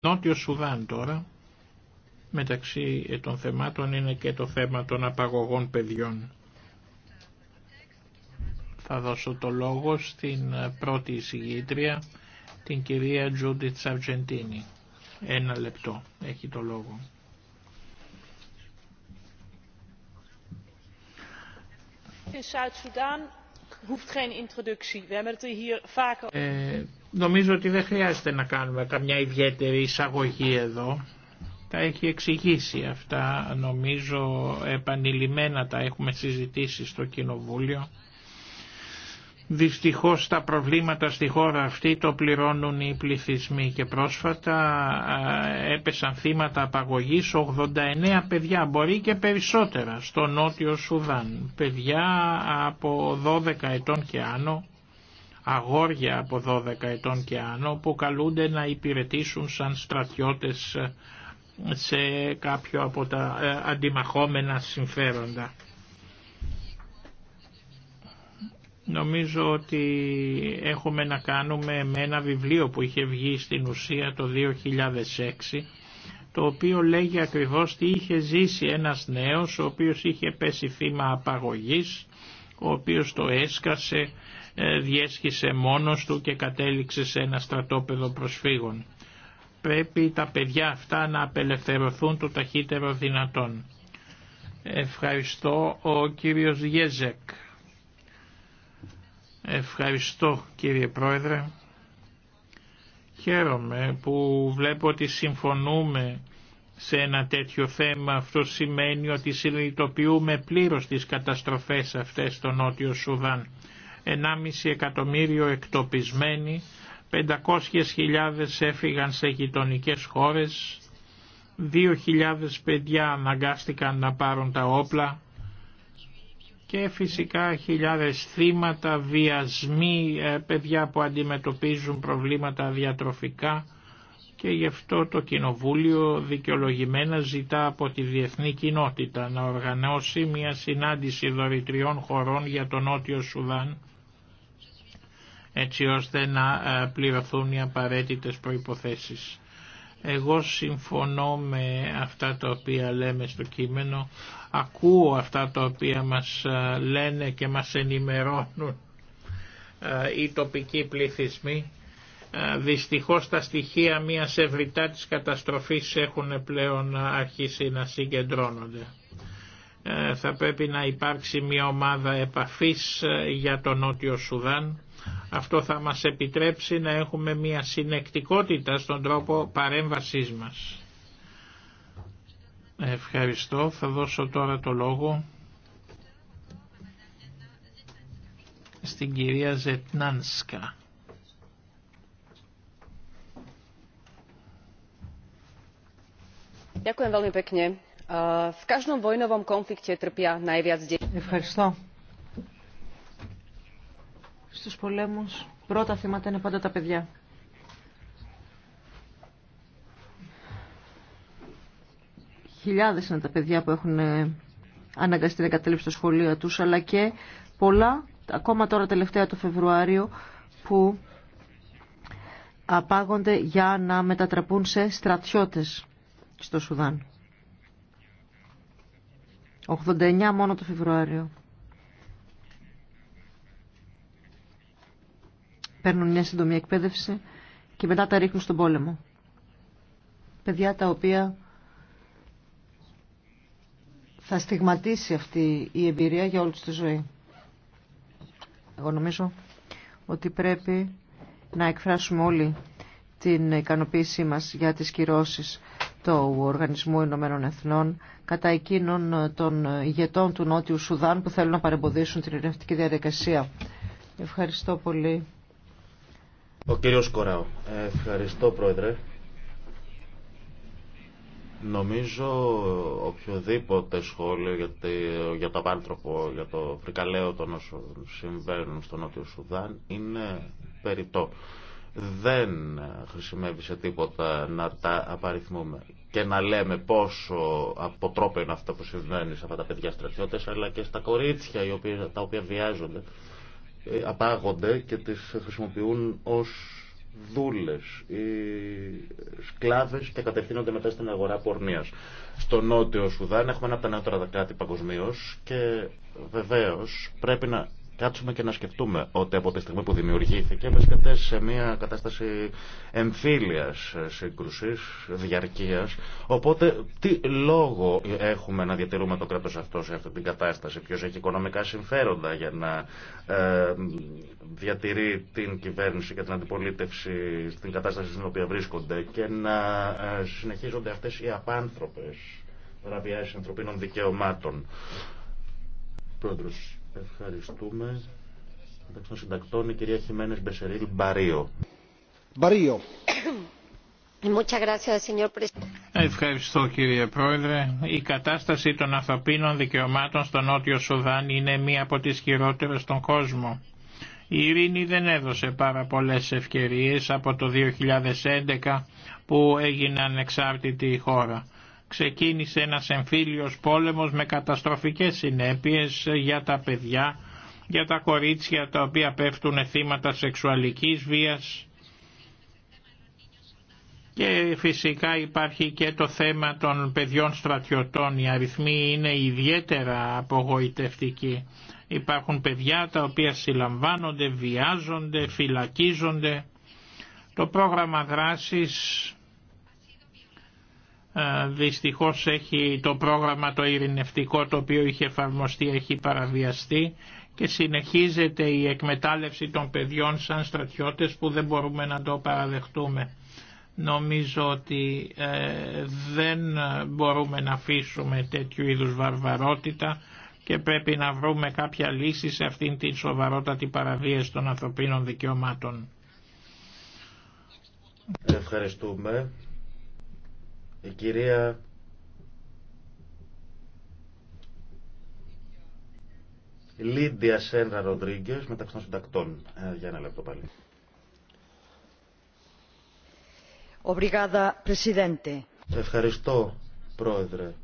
Νότιο Σουδάν τώρα, μεταξύ ε, των θεμάτων είναι και το θέμα των απαγωγών παιδιών. Θα δώσω το λόγο στην ε, πρώτη εισηγήτρια, την κυρία Τζούντιτ Σαρτζεντίνη. Ένα λεπτό, έχει το λόγο. Ε, Νομίζω ότι δεν χρειάζεται να κάνουμε καμιά ιδιαίτερη εισαγωγή εδώ. Τα έχει εξηγήσει αυτά, νομίζω επανειλημμένα τα έχουμε συζητήσει στο Κοινοβούλιο. Δυστυχώς τα προβλήματα στη χώρα αυτή το πληρώνουν οι πληθυσμοί και πρόσφατα ε, έπεσαν θύματα απαγωγής 89 παιδιά, μπορεί και περισσότερα στο νότιο Σουδάν. Παιδιά από 12 ετών και άνω αγόρια από 12 ετών και άνω που καλούνται να υπηρετήσουν σαν στρατιώτες ε, σε κάποιο από τα ε, αντιμαχόμενα συμφέροντα. Νομίζω ότι έχουμε να κάνουμε με ένα βιβλίο που είχε βγει στην ουσία το 2006 το οποίο λέγει ακριβώς τι είχε ζήσει ένας νέος ο οποίος είχε πέσει θύμα απαγωγής, ο οποίος το έσκασε, ε, διέσχισε μόνος του και κατέληξε σε ένα στρατόπεδο προσφύγων. Πρέπει τα παιδιά αυτά να απελευθερωθούν το ταχύτερο δυνατόν. Ευχαριστώ ο κύριος Γέζεκ. Ευχαριστώ κύριε Πρόεδρε. Χαίρομαι που βλέπω ότι συμφωνούμε σε ένα τέτοιο θέμα. Αυτό σημαίνει ότι συνειδητοποιούμε πλήρως τις καταστροφές αυτές στο Νότιο Σουδάν. 1,5 εκατομμύριο εκτοπισμένοι, 500.000 έφυγαν σε γειτονικέ χώρες, 2.000 παιδιά αναγκάστηκαν να πάρουν τα όπλα και φυσικά χιλιάδες θύματα, βιασμοί, ε, παιδιά που αντιμετωπίζουν προβλήματα διατροφικά, και γι' αυτό το Κοινοβούλιο δικαιολογημένα ζητά από τη διεθνή κοινότητα να οργανώσει μια συνάντηση δωρητριών χωρών για τον Νότιο Σουδάν έτσι ώστε να ε, πληρωθούν οι απαραίτητες προϋποθέσεις. Εγώ συμφωνώ με αυτά τα οποία λέμε στο κείμενο, ακούω αυτά τα οποία μας ε, λένε και μας ενημερώνουν ε, οι τοπικοί πληθυσμοί ε, δυστυχώς τα στοιχεία μιας ευρυτά της καταστροφής έχουν πλέον αρχίσει να συγκεντρώνονται. Ε, θα πρέπει να υπάρξει μια ομάδα επαφής ε, για τον Νότιο Σουδάν. Αυτό θα μας επιτρέψει να έχουμε μια συνεκτικότητα στον τρόπο παρέμβασής μας. Ευχαριστώ. Θα δώσω τώρα το λόγο στην κυρία Ζετνάνσκα. Ευχαριστώ. Στους πολέμους πρώτα θύματα είναι πάντα τα παιδιά. Χιλιάδες είναι τα παιδιά που έχουν ε, αναγκαστεί να εγκαταλείψουν τα σχολεία τους, αλλά και πολλά, ακόμα τώρα τελευταία το Φεβρουάριο, που απάγονται για να μετατραπούν σε στρατιώτες στο Σουδάν. 89 μόνο το Φεβρουάριο. Παίρνουν μια σύντομη εκπαίδευση και μετά τα ρίχνουν στον πόλεμο. Παιδιά τα οποία θα στιγματίσει αυτή η εμπειρία για όλη τη ζωή. Εγώ νομίζω ότι πρέπει να εκφράσουμε όλοι την ικανοποίησή μας για τις κυρώσεις του Οργανισμού Ηνωμένων Εθνών κατά εκείνων των ηγετών του Νότιου Σουδάν που θέλουν να παρεμποδίσουν την ειρηνευτική διαδικασία. Ευχαριστώ πολύ. Ο κύριος Κοράου. Ευχαριστώ πρόεδρε. Νομίζω οποιοδήποτε σχόλιο για, για το απάνθρωπο, για το φρικαλαίο των όσων συμβαίνουν στο Νότιο Σουδάν είναι περιττό. Δεν χρησιμεύει σε τίποτα να τα απαριθμούμε και να λέμε πόσο αποτρόπαιο είναι αυτό που συμβαίνει σε αυτά τα παιδιά στρατιώτες, αλλά και στα κορίτσια τα οποία βιάζονται, ε, απάγονται και τις χρησιμοποιούν ως δούλες ή σκλάβες και κατευθύνονται μετά στην αγορά πορνείας. Στο νότιο Σουδάν έχουμε ένα από τα νεότερα κράτη παγκοσμίω και βεβαίως πρέπει να κάτσουμε και να σκεφτούμε ότι από τη στιγμή που δημιουργήθηκε βρίσκεται σε μια κατάσταση εμφύλιας σύγκρουσης, διαρκείας. Οπότε τι λόγο έχουμε να διατηρούμε το κράτος αυτό σε αυτή την κατάσταση, ποιος έχει οικονομικά συμφέροντα για να ε, διατηρεί την κυβέρνηση και την αντιπολίτευση στην κατάσταση στην οποία βρίσκονται και να ε, συνεχίζονται αυτές οι απάνθρωπες παραβιάσεις ανθρωπίνων δικαιωμάτων. Πρόεδρος. Ευχαριστούμε. Εντάξει, των συντακτών η κυρία Χιμένες Μπεσερίλ Μπαρίο. Μπαρίο. Ευχαριστώ κύριε Πρόεδρε. Η κατάσταση των ανθρωπίνων δικαιωμάτων στο Νότιο Σουδάν είναι μία από τις χειρότερες στον κόσμο. Η ειρήνη δεν έδωσε πάρα πολλές ευκαιρίες από το 2011 που έγινε ανεξάρτητη η χώρα ξεκίνησε ένας εμφύλιος πόλεμος με καταστροφικές συνέπειες για τα παιδιά, για τα κορίτσια τα οποία πέφτουν θύματα σεξουαλικής βίας και φυσικά υπάρχει και το θέμα των παιδιών στρατιωτών. Οι αριθμοί είναι ιδιαίτερα απογοητευτικοί. Υπάρχουν παιδιά τα οποία συλλαμβάνονται, βιάζονται, φυλακίζονται. Το πρόγραμμα δράσης ε, δυστυχώς έχει το πρόγραμμα το ειρηνευτικό το οποίο είχε εφαρμοστεί έχει παραβιαστεί και συνεχίζεται η εκμετάλλευση των παιδιών σαν στρατιώτες που δεν μπορούμε να το παραδεχτούμε. Νομίζω ότι ε, δεν μπορούμε να αφήσουμε τέτοιου είδους βαρβαρότητα και πρέπει να βρούμε κάποια λύση σε αυτήν την σοβαρότατη παραβίαση των ανθρωπίνων δικαιωμάτων. Ευχαριστούμε. Η κυρία Λίντια Σένρα Ροντρίγκε μεταξύ των συντακτών. Ε, για ένα λεπτό πάλι. Ευχαριστώ, Πρόεδρε.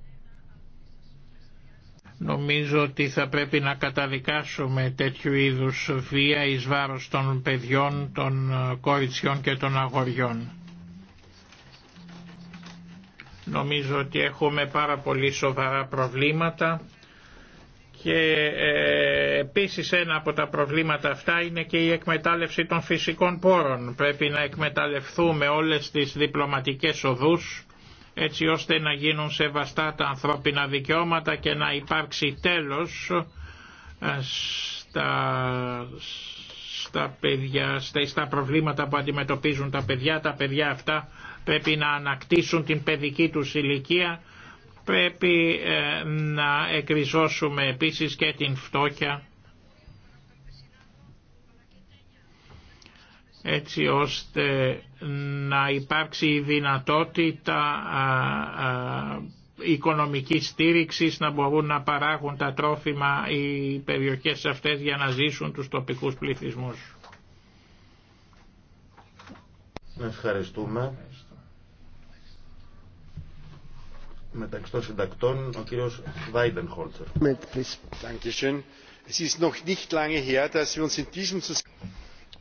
Νομίζω ότι θα πρέπει να καταδικάσουμε τέτοιου είδους βία εις βάρος των παιδιών, των ε, κοριτσιών και των αγοριών Νομίζω ότι έχουμε πάρα πολύ σοβαρά προβλήματα και ε, επίσης ένα από τα προβλήματα αυτά είναι και η εκμετάλλευση των φυσικών πόρων. Πρέπει να εκμεταλλευτούμε όλες τις διπλωματικές οδούς έτσι ώστε να γίνουν σεβαστά τα ανθρώπινα δικαιώματα και να υπάρξει τέλος ε, στα, στα, παιδιά, στα, στα προβλήματα που αντιμετωπίζουν τα παιδιά. Τα παιδιά αυτά πρέπει να ανακτήσουν την παιδική τους ηλικία, πρέπει ε, να εκριζώσουμε επίσης και την φτώχεια έτσι ώστε να υπάρξει η δυνατότητα οικονομικής στήριξης να μπορούν να παράγουν τα τρόφιμα οι περιοχές αυτές για να ζήσουν τους τοπικούς πληθυσμούς. Ευχαριστούμε. μεταξύ των συντακτών ο κύριος Βάιντενχόλτσερ.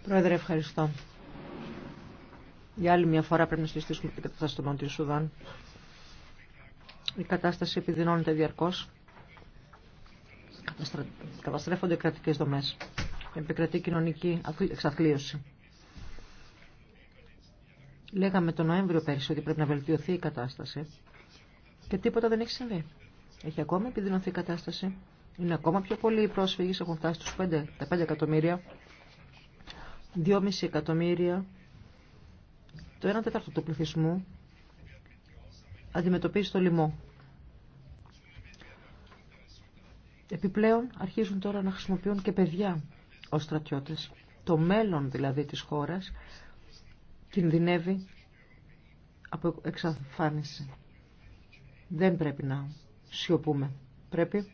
Πρόεδρε, ευχαριστώ. Για άλλη μια φορά πρέπει να συζητήσουμε την κατάσταση του Νότιου Σουδάν. Η κατάσταση επιδεινώνεται διαρκώς. Καταστρέφονται κρατικές δομές. Επικρατεί κοινωνική εξαθλίωση. Λέγαμε τον Νοέμβριο πέρυσι ότι πρέπει να βελτιωθεί η κατάσταση και τίποτα δεν έχει συμβεί. Έχει ακόμα επιδεινωθεί η κατάσταση. Είναι ακόμα πιο πολλοί οι πρόσφυγε έχουν φτάσει στους 5, 5 εκατομμύρια. 2,5 εκατομμύρια, το 1 τέταρτο του πληθυσμού, αντιμετωπίζει το λοιμό. Επιπλέον αρχίζουν τώρα να χρησιμοποιούν και παιδιά ως στρατιώτες. Το μέλλον δηλαδή της χώρας κινδυνεύει από εξαφάνιση. Δεν πρέπει να σιωπούμε. Πρέπει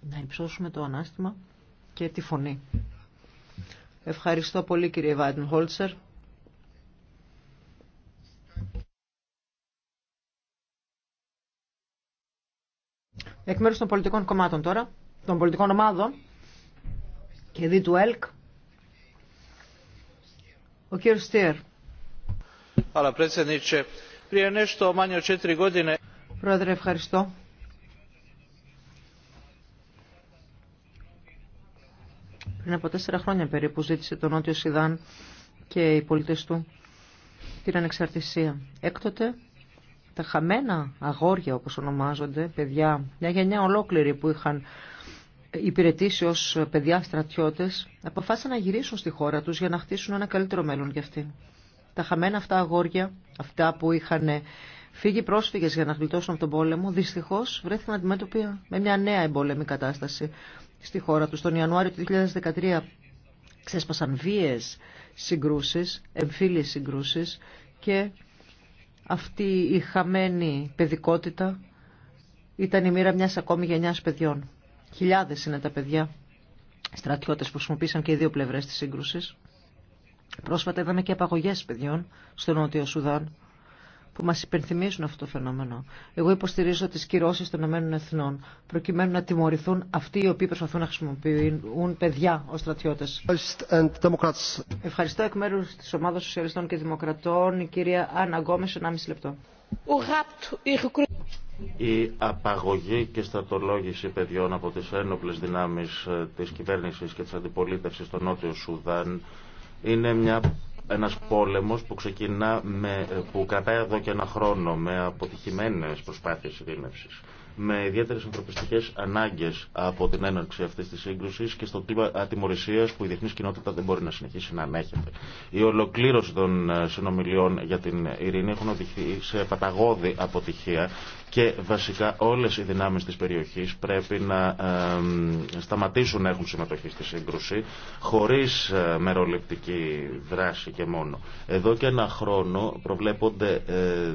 να υψώσουμε το ανάστημα και τη φωνή. Ευχαριστώ πολύ κύριε Βάιντεν Χόλτσερ. Εκ μέρους των πολιτικών κομμάτων τώρα, των πολιτικών ομάδων και δι του ΕΛΚ, ο κύριος Στίερ. Πρόεδρε, ευχαριστώ. Πριν από τέσσερα χρόνια περίπου ζήτησε το Νότιο Σιδάν και οι πολίτες του την ανεξαρτησία. Έκτοτε τα χαμένα αγόρια όπως ονομάζονται, παιδιά, μια γενιά ολόκληρη που είχαν υπηρετήσει ως παιδιά στρατιώτες, αποφάσισαν να γυρίσουν στη χώρα τους για να χτίσουν ένα καλύτερο μέλλον για αυτήν. Τα χαμένα αυτά αγόρια, αυτά που είχαν φύγει πρόσφυγες για να γλιτώσουν από τον πόλεμο, δυστυχώς βρέθηκαν αντιμέτωποι με μια νέα εμπόλεμη κατάσταση στη χώρα τους. Τον Ιανουάριο του 2013 ξέσπασαν βίες συγκρούσεις, εμφύλιες συγκρούσεις και αυτή η χαμένη παιδικότητα ήταν η μοίρα μιας ακόμη γενιάς παιδιών. Χιλιάδες είναι τα παιδιά στρατιώτες που χρησιμοποίησαν και οι δύο πλευρές της σύγκρουσης Πρόσφατα είδαμε και απαγωγές παιδιών στο Νότιο Σουδάν που μας υπενθυμίζουν αυτό το φαινόμενο. Εγώ υποστηρίζω τις κυρώσεις των ΗΕ προκειμένου να τιμωρηθούν αυτοί οι οποίοι προσπαθούν να χρησιμοποιούν παιδιά ως στρατιώτες. Ευχαριστώ εκ μέρους της Ομάδας Σοσιαλιστών και Δημοκρατών η κυρία Άννα Γκόμες, 1,5 λεπτό. Η απαγωγή και στατολόγηση παιδιών από τις ένοπλες δυνάμεις ε, της κυβέρνησης και της αντιπολίτευσης στο Νότιο Σουδάν είναι μια ένας πόλεμος που ξεκινά με, που κρατάει εδώ και ένα χρόνο με αποτυχημένες προσπάθειες ειρήνευσης με ιδιαίτερε ανθρωπιστικέ ανάγκε από την έναρξη αυτή τη σύγκρουση και στο κλίμα ατιμορρησία που η διεθνή κοινότητα δεν μπορεί να συνεχίσει να ανέχεται. Η ολοκλήρωση των ε, συνομιλιών για την ειρήνη έχουν οδηγηθεί σε παταγώδη αποτυχία και βασικά όλε οι δυνάμει τη περιοχή πρέπει να σταματήσουν να έχουν συμμετοχή στη σύγκρουση χωρί ε, μεροληπτική δράση και μόνο. Εδώ και ένα χρόνο προβλέπονται ε,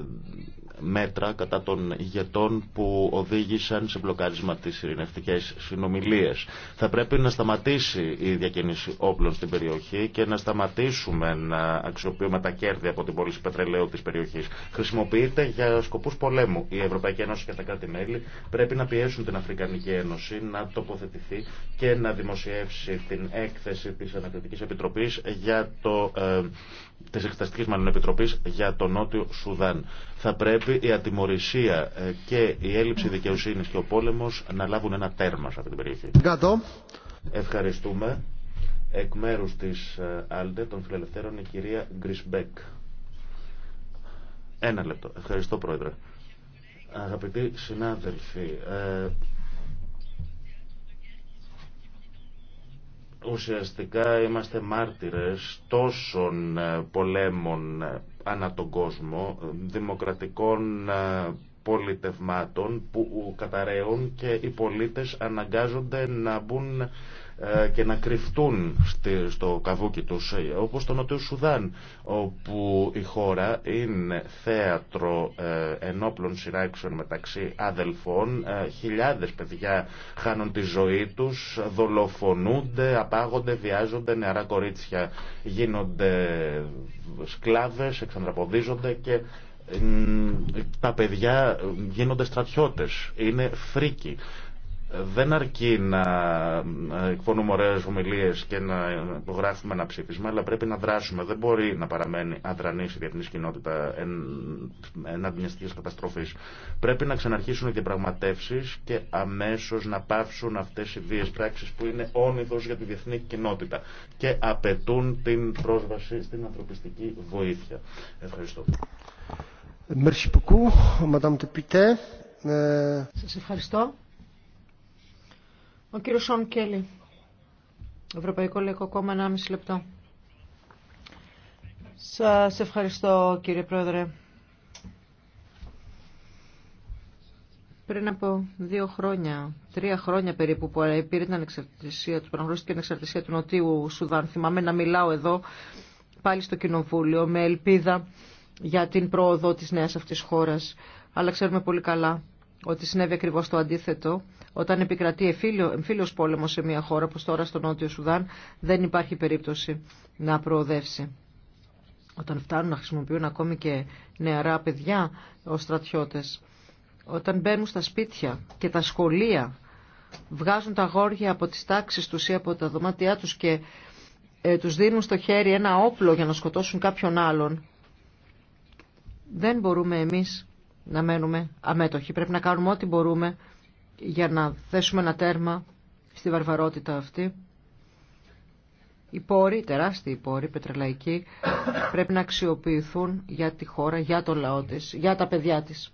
μέτρα κατά των ηγετών που οδήγησαν σε μπλοκάρισμα τις ειρηνευτικές συνομιλίες. Θα πρέπει να σταματήσει η διακίνηση όπλων στην περιοχή και να σταματήσουμε να αξιοποιούμε τα κέρδη από την πώληση πετρελαίου της περιοχής. Χρησιμοποιείται για σκοπούς πολέμου. Η Ευρωπαϊκή Ένωση και τα κράτη-μέλη πρέπει να πιέσουν την Αφρικανική Ένωση να τοποθετηθεί και να δημοσιεύσει την έκθεση της Ανακριτικής Επιτροπής για το ε, τη εκταστική Μάλλον Επιτροπή για τον Νότιο Σουδάν. Θα πρέπει η ατιμορρησία ε, και η έλλειψη δικαιοσύνη και ο πόλεμο να λάβουν ένα τέρμα σε αυτή την περιοχή. Κάτω. Ευχαριστούμε. Εκ μέρου τη ΑΛΔΕ των Φιλελευθέρων η κυρία Γκρισμπέκ. Ένα λεπτό. Ευχαριστώ, Πρόεδρε. Αγαπητοί συνάδελφοι, ε, Ουσιαστικά είμαστε μάρτυρες τόσων ε, πολέμων ε, ανά τον κόσμο, ε, δημοκρατικών πολιτευμάτων που καταραίουν και οι πολίτες αναγκάζονται να μπουν ε, και να κρυφτούν στο καβούκι τους, ε, όπως το Νοτιού Σουδάν, όπου η χώρα είναι θέατρο ε, ενόπλων σειράξεων μεταξύ αδελφών, χιλιάδες παιδιά χάνουν τη ζωή τους, δολοφονούνται, απάγονται, βιάζονται, νεαρά κορίτσια γίνονται σκλάβες, εξαντραποδίζονται και τα παιδιά γίνονται στρατιώτες, είναι φρίκοι δεν αρκεί να εκφωνούμε ωραίε ομιλίε και να υπογράφουμε ένα ψήφισμα, αλλά πρέπει να δράσουμε. Δεν μπορεί να παραμένει αδρανή η διεθνή κοινότητα ενάντια μια τέτοια καταστροφή. Πρέπει να ξαναρχίσουν οι διαπραγματεύσει και αμέσω να πάυσουν αυτέ οι βίε πράξει που είναι όνειδο για τη διεθνή κοινότητα και απαιτούν την πρόσβαση στην ανθρωπιστική βοήθεια. Ευχαριστώ. Merci beaucoup, Madame ε, Σας ευχαριστώ. Ο κύριος Σον Κέλλη, Ευρωπαϊκό Λαϊκό Κόμμα, 1,5 λεπτό. Σας ευχαριστώ κύριε Πρόεδρε. Πριν από δύο χρόνια, τρία χρόνια περίπου που πήρε την ανεξαρτησία του, προγνωρίστηκε την ανεξαρτησία του Νοτιού Σουδάν, θυμάμαι να μιλάω εδώ πάλι στο Κοινοβούλιο με ελπίδα για την πρόοδο της νέας αυτής χώρας. Αλλά ξέρουμε πολύ καλά ότι συνέβη ακριβώς το αντίθετο όταν επικρατεί εμφύλιο πόλεμος σε μια χώρα, όπως τώρα στο Νότιο Σουδάν, δεν υπάρχει περίπτωση να προοδεύσει. Όταν φτάνουν να χρησιμοποιούν ακόμη και νεαρά παιδιά ως στρατιώτες. Όταν μπαίνουν στα σπίτια και τα σχολεία, βγάζουν τα γόρια από τις τάξεις τους ή από τα δωμάτια τους και ε, τους δίνουν στο χέρι ένα όπλο για να σκοτώσουν κάποιον άλλον. Δεν μπορούμε εμείς να μένουμε αμέτωχοι. Πρέπει να κάνουμε ό,τι μπορούμε για να θέσουμε ένα τέρμα στη βαρβαρότητα αυτή. Οι πόροι, τεράστιοι πόροι πετρελαϊκοί, πρέπει να αξιοποιηθούν για τη χώρα, για τον λαό της, για τα παιδιά της.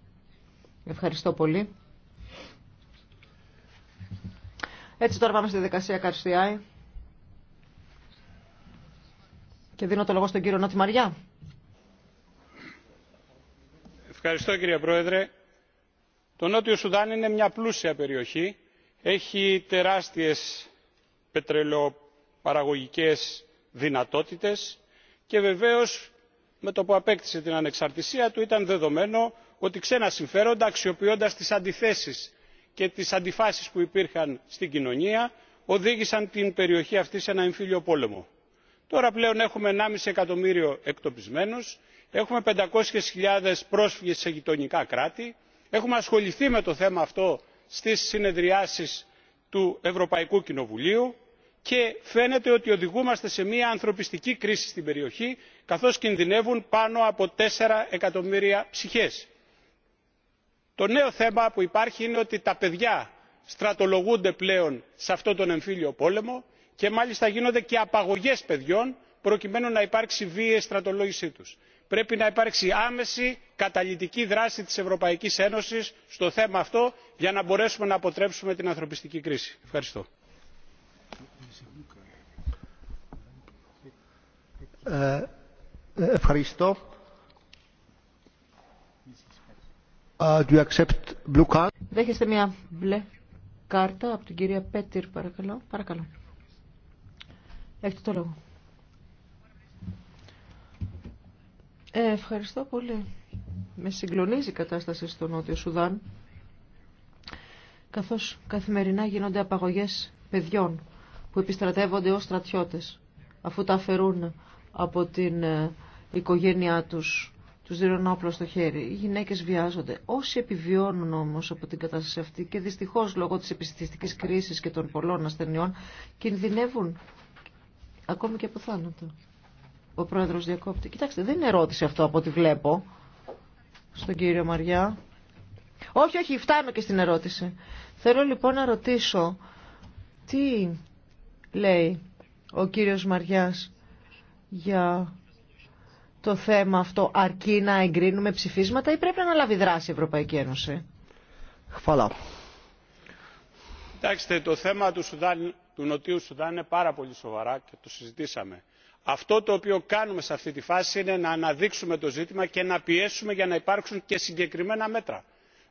Ευχαριστώ πολύ. Έτσι τώρα πάμε στη δικασία Καρστιάη. Και δίνω το λόγο στον κύριο Νότι Μαριά. Ευχαριστώ κύριε Πρόεδρε το νότιο σουδάν είναι μια πλούσια περιοχή έχει τεράστιες πετρελαιοπαραγωγικές δυνατότητες και βεβαίως με το που απέκτησε την ανεξαρτησία του ήταν δεδομένο ότι ξένα συμφέροντα αξιοποιώντας τις αντιθέσεις και τις αντιφάσεις που υπήρχαν στην κοινωνία οδήγησαν την περιοχή αυτή σε ένα εμφύλιο πόλεμο. Τώρα πλέον έχουμε 1,5 εκατομμύριο εκτοπισμένους, έχουμε 500.000 πρόσφυγες σε γειτονικά κράτη, έχουμε ασχοληθεί με το θέμα αυτό στις συνεδριάσεις του ευρωπαϊκού κοινοβουλίου και φαίνεται ότι οδηγούμαστε σε μια ανθρωπιστική κρίση στην περιοχή καθώς κινδυνεύουν πάνω από τέσσερα εκατομμύρια ψυχές. το νέο θέμα που υπάρχει είναι ότι τα παιδιά στρατολογούνται πλέον σε αυτόν τον εμφύλιο πόλεμο και μάλιστα γίνονται και απαγωγές παιδιών προκειμένου να υπάρξει βίαιη στρατολόγησή τους πρέπει να υπάρξει άμεση καταλυτική δράση της ευρωπαϊκής ένωσης στο θέμα αυτό για να μπορέσουμε να αποτρέψουμε την ανθρωπιστική κρίση. ευχαριστώ. Ε, ευχαριστώ. do you accept blue card? Δέχεστε μια μπλε κάρτα από την κυρία Πέτυρ, παρακαλώ. παρακαλώ. Έχετε το λόγο. Ευχαριστώ πολύ. Με συγκλονίζει η κατάσταση στο Νότιο Σουδάν, καθώς καθημερινά γίνονται απαγωγές παιδιών που επιστρατεύονται ως στρατιώτες, αφού τα αφαιρούν από την ε, οικογένειά τους, τους δίνουν όπλο στο χέρι. Οι γυναίκες βιάζονται. Όσοι επιβιώνουν όμως από την κατάσταση αυτή και δυστυχώς λόγω της επιστημιστικής κρίσης και των πολλών ασθενειών κινδυνεύουν ακόμη και από θάνατο. Ο πρόεδρος διακόπτει. Κοιτάξτε, δεν είναι ερώτηση αυτό από ό,τι βλέπω στον κύριο Μαριά. Όχι, όχι, φτάνω και στην ερώτηση. Θέλω λοιπόν να ρωτήσω τι λέει ο κύριος Μαριάς για το θέμα αυτό αρκεί να εγκρίνουμε ψηφίσματα ή πρέπει να λάβει δράση η Ευρωπαϊκή Ένωση. Χφαλά. Χαλα. κοιταξτε το θέμα του, Σουδάν, του Νοτιού Σουδάν είναι πάρα πολύ σοβαρά και το συζητήσαμε αυτό το οποίο κάνουμε σε αυτή τη φάση είναι να αναδείξουμε το ζήτημα και να πιέσουμε για να υπάρξουν και συγκεκριμένα μέτρα.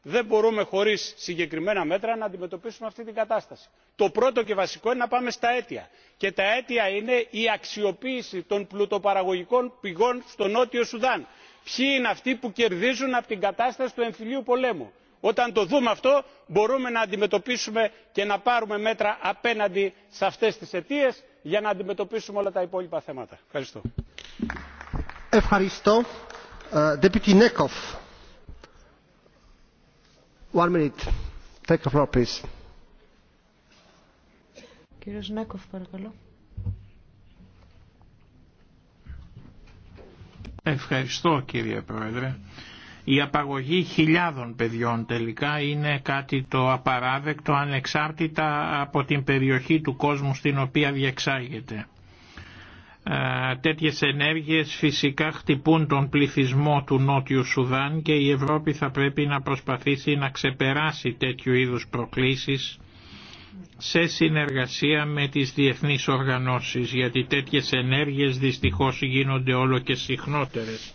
δεν μπορούμε χωρίς συγκεκριμένα μέτρα να αντιμετωπίσουμε αυτή την κατάσταση. το πρώτο και βασικό είναι να πάμε στα αίτια και τα αίτια είναι η αξιοποίηση των πλουτοπαραγωγικών πηγών στο νότιο σουδάν. ποιοι είναι αυτοί που κερδίζουν από την κατάσταση του εμφυλίου πολέμου. όταν το δούμε αυτό μπορούμε να αντιμετωπίσουμε και να πάρουμε μέτρα απέναντι σε αυτές τις αιτίες για να αντιμετωπίσουμε όλα τα υπόλοιπα θέματα. Ευχαριστώ. Ευχαριστώ. Δεπιτή Νέκοφ. One minute. Take the floor, please. Κύριος Νέκοφ, παρακαλώ. Ευχαριστώ κύριε Πρόεδρε. Η απαγωγή χιλιάδων παιδιών τελικά είναι κάτι το απαράδεκτο ανεξάρτητα από την περιοχή του κόσμου στην οποία διεξάγεται. Ε, τέτοιες ενέργειες φυσικά χτυπούν τον πληθυσμό του Νότιου Σουδάν και η Ευρώπη θα πρέπει να προσπαθήσει να ξεπεράσει τέτοιου είδους προκλήσεις σε συνεργασία με τις διεθνείς οργανώσεις γιατί τέτοιες ενέργειες δυστυχώς γίνονται όλο και συχνότερες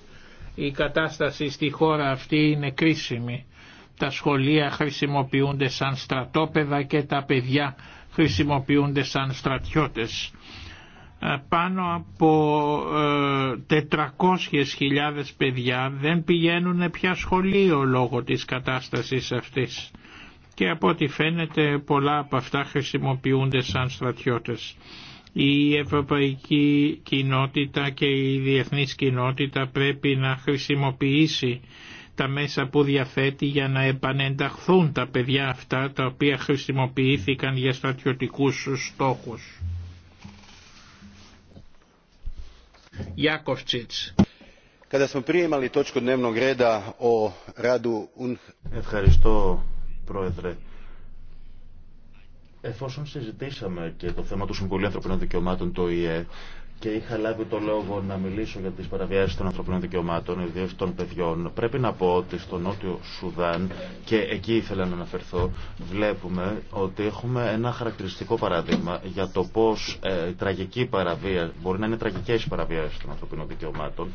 η κατάσταση στη χώρα αυτή είναι κρίσιμη. Τα σχολεία χρησιμοποιούνται σαν στρατόπεδα και τα παιδιά χρησιμοποιούνται σαν στρατιώτες. Ε, πάνω από 400.000 ε, παιδιά δεν πηγαίνουν πια σχολείο λόγω της κατάστασης αυτής και από ό,τι φαίνεται πολλά από αυτά χρησιμοποιούνται σαν στρατιώτες η ευρωπαϊκή κοινότητα και η διεθνής κοινότητα πρέπει να χρησιμοποιήσει τα μέσα που διαθέτει για να επανενταχθούν τα παιδιά αυτά τα οποία χρησιμοποιήθηκαν για στρατιωτικούς στόχους. Ευχαριστώ, Πρόεδρε. Εφόσον συζητήσαμε και το θέμα του Συμβουλίου Ανθρωπίνων Δικαιωμάτων, το ΙΕ, και είχα λάβει το λόγο να μιλήσω για τις παραβιάσεις των ανθρωπίνων δικαιωμάτων, ιδίω των παιδιών, πρέπει να πω ότι στο Νότιο Σουδάν, και εκεί ήθελα να αναφερθώ, βλέπουμε ότι έχουμε ένα χαρακτηριστικό παράδειγμα για το πώς ε, τραγική παραβία, μπορεί να είναι τραγικέ παραβιάσει των ανθρωπίνων δικαιωμάτων,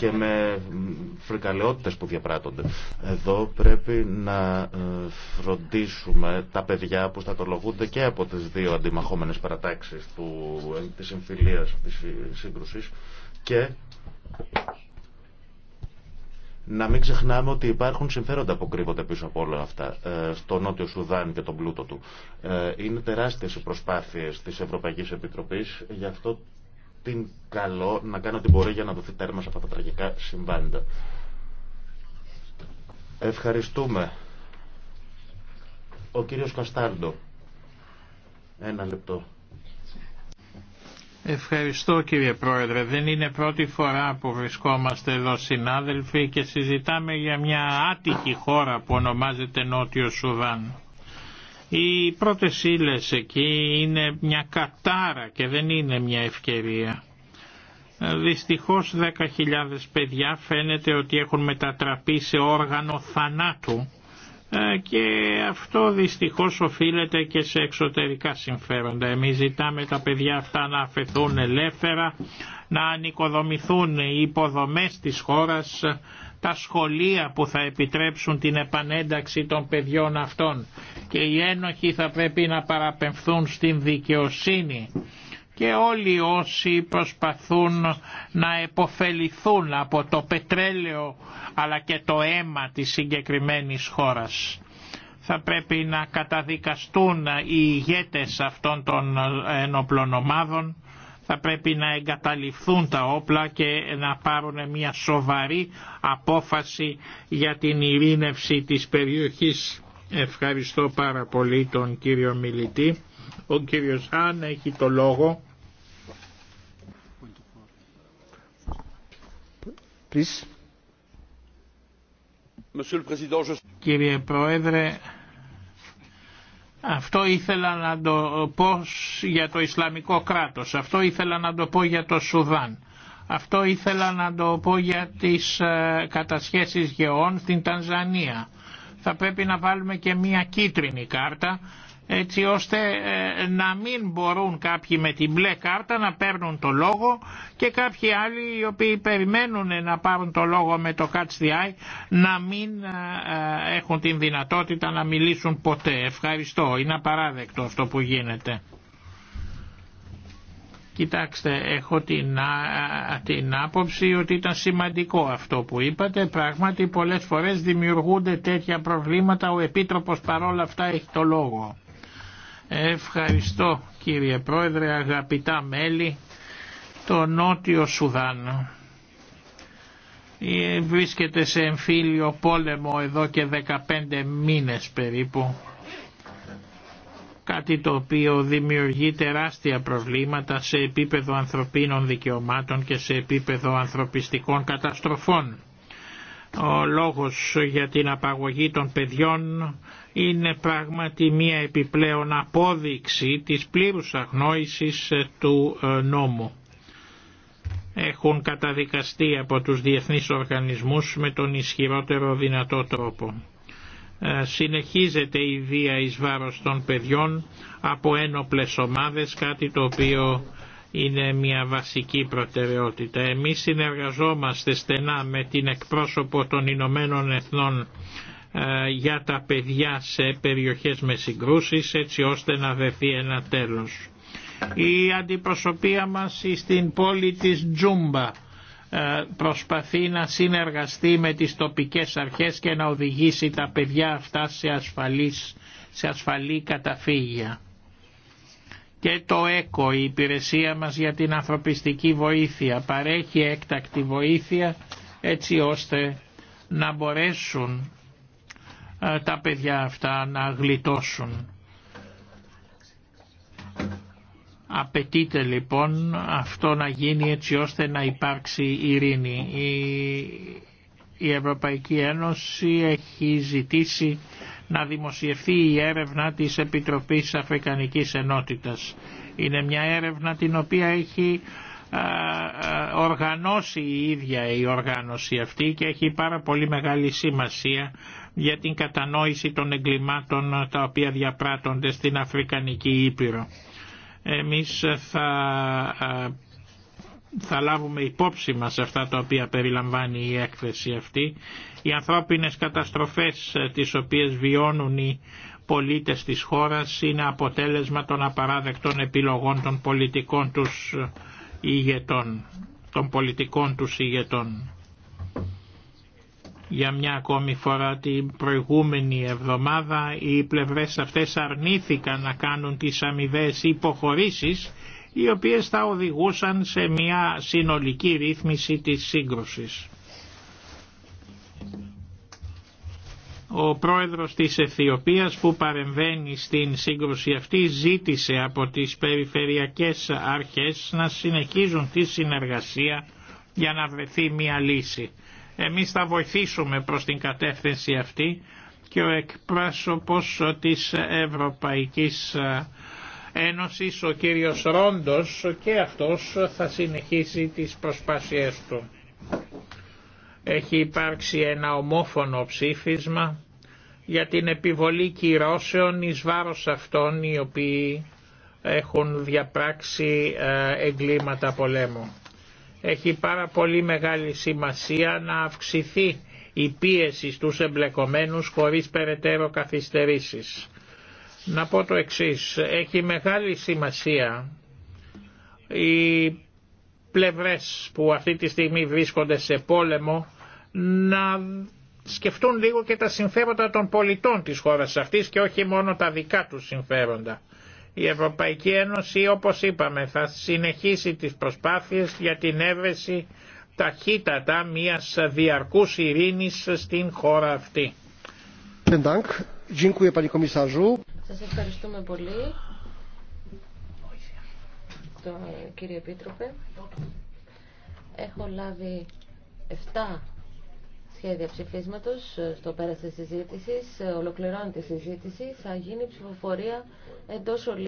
και με φρικαλαιότητες που διαπράττονται. Εδώ πρέπει να ε, φροντίσουμε τα παιδιά που στατολογούνται και από τις δύο αντιμαχόμενες παρατάξεις του, ε, της συμφιλίας της σύγκρουσης και να μην ξεχνάμε ότι υπάρχουν συμφέροντα που κρύβονται πίσω από όλα αυτά ε, στο Νότιο Σουδάν και τον πλούτο του. είναι τεράστιες οι προσπάθειες της Ευρωπαϊκής Επιτροπής γι' αυτό την καλό να κάνω ό,τι μπορεί για να δοθεί τέρμα σε αυτά τα τραγικά συμβάντα. Ευχαριστούμε. Ο κύριος Καστάρντο. Ένα λεπτό. Ευχαριστώ κύριε Πρόεδρε. Δεν είναι πρώτη φορά που βρισκόμαστε εδώ συνάδελφοι και συζητάμε για μια άτυχη χώρα που ονομάζεται Νότιο Σουδάν. Οι πρώτες ύλε εκεί είναι μια κατάρα και δεν είναι μια ευκαιρία. Ε, δυστυχώς 10.000 παιδιά φαίνεται ότι έχουν μετατραπεί σε όργανο θανάτου ε, και αυτό δυστυχώς οφείλεται και σε εξωτερικά συμφέροντα. Εμείς ζητάμε τα παιδιά αυτά να αφαιθούν ελεύθερα, να ανοικοδομηθούν οι υποδομές της χώρας, τα σχολεία που θα επιτρέψουν την επανένταξη των παιδιών αυτών και οι ένοχοι θα πρέπει να παραπεμφθούν στην δικαιοσύνη και όλοι όσοι προσπαθούν να επωφεληθούν από το πετρέλαιο αλλά και το αίμα της συγκεκριμένης χώρας. Θα πρέπει να καταδικαστούν οι ηγέτες αυτών των ενόπλων ομάδων θα πρέπει να εγκαταληφθούν τα όπλα και να πάρουν μια σοβαρή απόφαση για την ειρήνευση της περιοχής. Ευχαριστώ πάρα πολύ τον κύριο Μιλητή. Ο κύριος Αν έχει το λόγο. Κύριε Πρόεδρε, αυτό ήθελα να το πω για το Ισλαμικό κράτος, αυτό ήθελα να το πω για το Σουδάν, αυτό ήθελα να το πω για τις ε, κατασχέσεις γεών στην Τανζανία. Θα πρέπει να βάλουμε και μία κίτρινη κάρτα έτσι ώστε ε, να μην μπορούν κάποιοι με την μπλε κάρτα να παίρνουν το λόγο και κάποιοι άλλοι οι οποίοι περιμένουν να πάρουν το λόγο με το Catch the Eye να μην ε, ε, έχουν την δυνατότητα να μιλήσουν ποτέ. Ευχαριστώ. Είναι απαράδεκτο αυτό που γίνεται. Κοιτάξτε, έχω την, την άποψη ότι ήταν σημαντικό αυτό που είπατε. Πράγματι πολλές φορές δημιουργούνται τέτοια προβλήματα, ο Επίτροπος παρόλα αυτά έχει το λόγο. Ευχαριστώ κύριε Πρόεδρε, αγαπητά μέλη, το Νότιο Σουδάν ε, βρίσκεται σε εμφύλιο πόλεμο εδώ και 15 μήνες περίπου κάτι το οποίο δημιουργεί τεράστια προβλήματα σε επίπεδο ανθρωπίνων δικαιωμάτων και σε επίπεδο ανθρωπιστικών καταστροφών. Ο λόγος για την απαγωγή των παιδιών είναι πράγματι μία επιπλέον απόδειξη της πλήρους αγνόησης του ε, νόμου. Έχουν καταδικαστεί από τους διεθνείς οργανισμούς με τον ισχυρότερο δυνατό τρόπο. Ε, συνεχίζεται η βία εις βάρος των παιδιών από ένοπλες ομάδες, κάτι το οποίο είναι μια βασική προτεραιότητα. Εμείς συνεργαζόμαστε στενά με την εκπρόσωπο των Ηνωμένων Εθνών ε, για τα παιδιά σε περιοχές με συγκρούσεις έτσι ώστε να βρεθεί ένα τέλος. Η αντιπροσωπεία μας στην πόλη της Τζούμπα ε, προσπαθεί να συνεργαστεί με τις τοπικές αρχές και να οδηγήσει τα παιδιά αυτά σε, σε ασφαλή καταφύγια και το ΕΚΟ, η υπηρεσία μας για την ανθρωπιστική βοήθεια, παρέχει έκτακτη βοήθεια έτσι ώστε να μπορέσουν τα παιδιά αυτά να γλιτώσουν. Απαιτείται λοιπόν αυτό να γίνει έτσι ώστε να υπάρξει ειρήνη. Η, η Ευρωπαϊκή Ένωση έχει ζητήσει να δημοσιευθεί η έρευνα της Επιτροπής Αφρικανικής Ενότητας. Είναι μια έρευνα την οποία έχει οργανώσει η ίδια η οργάνωση αυτή και έχει πάρα πολύ μεγάλη σημασία για την κατανόηση των εγκλημάτων τα οποία διαπράττονται στην Αφρικανική Ήπειρο. Εμείς θα θα λάβουμε υπόψη μας αυτά τα οποία περιλαμβάνει η έκθεση αυτή. Οι ανθρώπινες καταστροφές ε, τις οποίες βιώνουν οι πολίτες της χώρας είναι αποτέλεσμα των απαράδεκτων επιλογών των πολιτικών τους ε, ηγετών. Των πολιτικών τους ηγετών. Για μια ακόμη φορά την προηγούμενη εβδομάδα οι πλευρές αυτές αρνήθηκαν να κάνουν τις αμοιβές υποχωρήσεις οι οποίες θα οδηγούσαν σε μια συνολική ρύθμιση της σύγκρουσης. Ο πρόεδρος της Αιθιοπίας που παρεμβαίνει στην σύγκρουση αυτή ζήτησε από τις περιφερειακές αρχές να συνεχίζουν τη συνεργασία για να βρεθεί μια λύση. Εμείς θα βοηθήσουμε προς την κατεύθυνση αυτή και ο εκπρόσωπος της Ευρωπαϊκής Ένωσης ο κύριος Ρόντος και αυτός θα συνεχίσει τις προσπάσεις του. Έχει υπάρξει ένα ομόφωνο ψήφισμα για την επιβολή κυρώσεων εις βάρος αυτών οι οποίοι έχουν διαπράξει ε, εγκλήματα πολέμου. Έχει πάρα πολύ μεγάλη σημασία να αυξηθεί η πίεση στους εμπλεκομένους χωρίς περαιτέρω καθυστερήσεις να πω το εξής. Έχει μεγάλη σημασία οι πλευρές που αυτή τη στιγμή βρίσκονται σε πόλεμο να σκεφτούν λίγο και τα συμφέροντα των πολιτών της χώρας αυτής και όχι μόνο τα δικά τους συμφέροντα. Η Ευρωπαϊκή Ένωση όπως είπαμε θα συνεχίσει τις προσπάθειες για την έβρεση ταχύτατα μιας διαρκούς ειρήνης στην χώρα αυτή. Σας ευχαριστούμε πολύ, το, κύριε Επίτροπε. Έχω λάβει 7 σχέδια ψηφίσματος στο πέρας της συζήτησης. ολοκληρώνεται η συζήτηση. Θα γίνει ψηφοφορία εντός ολίγου.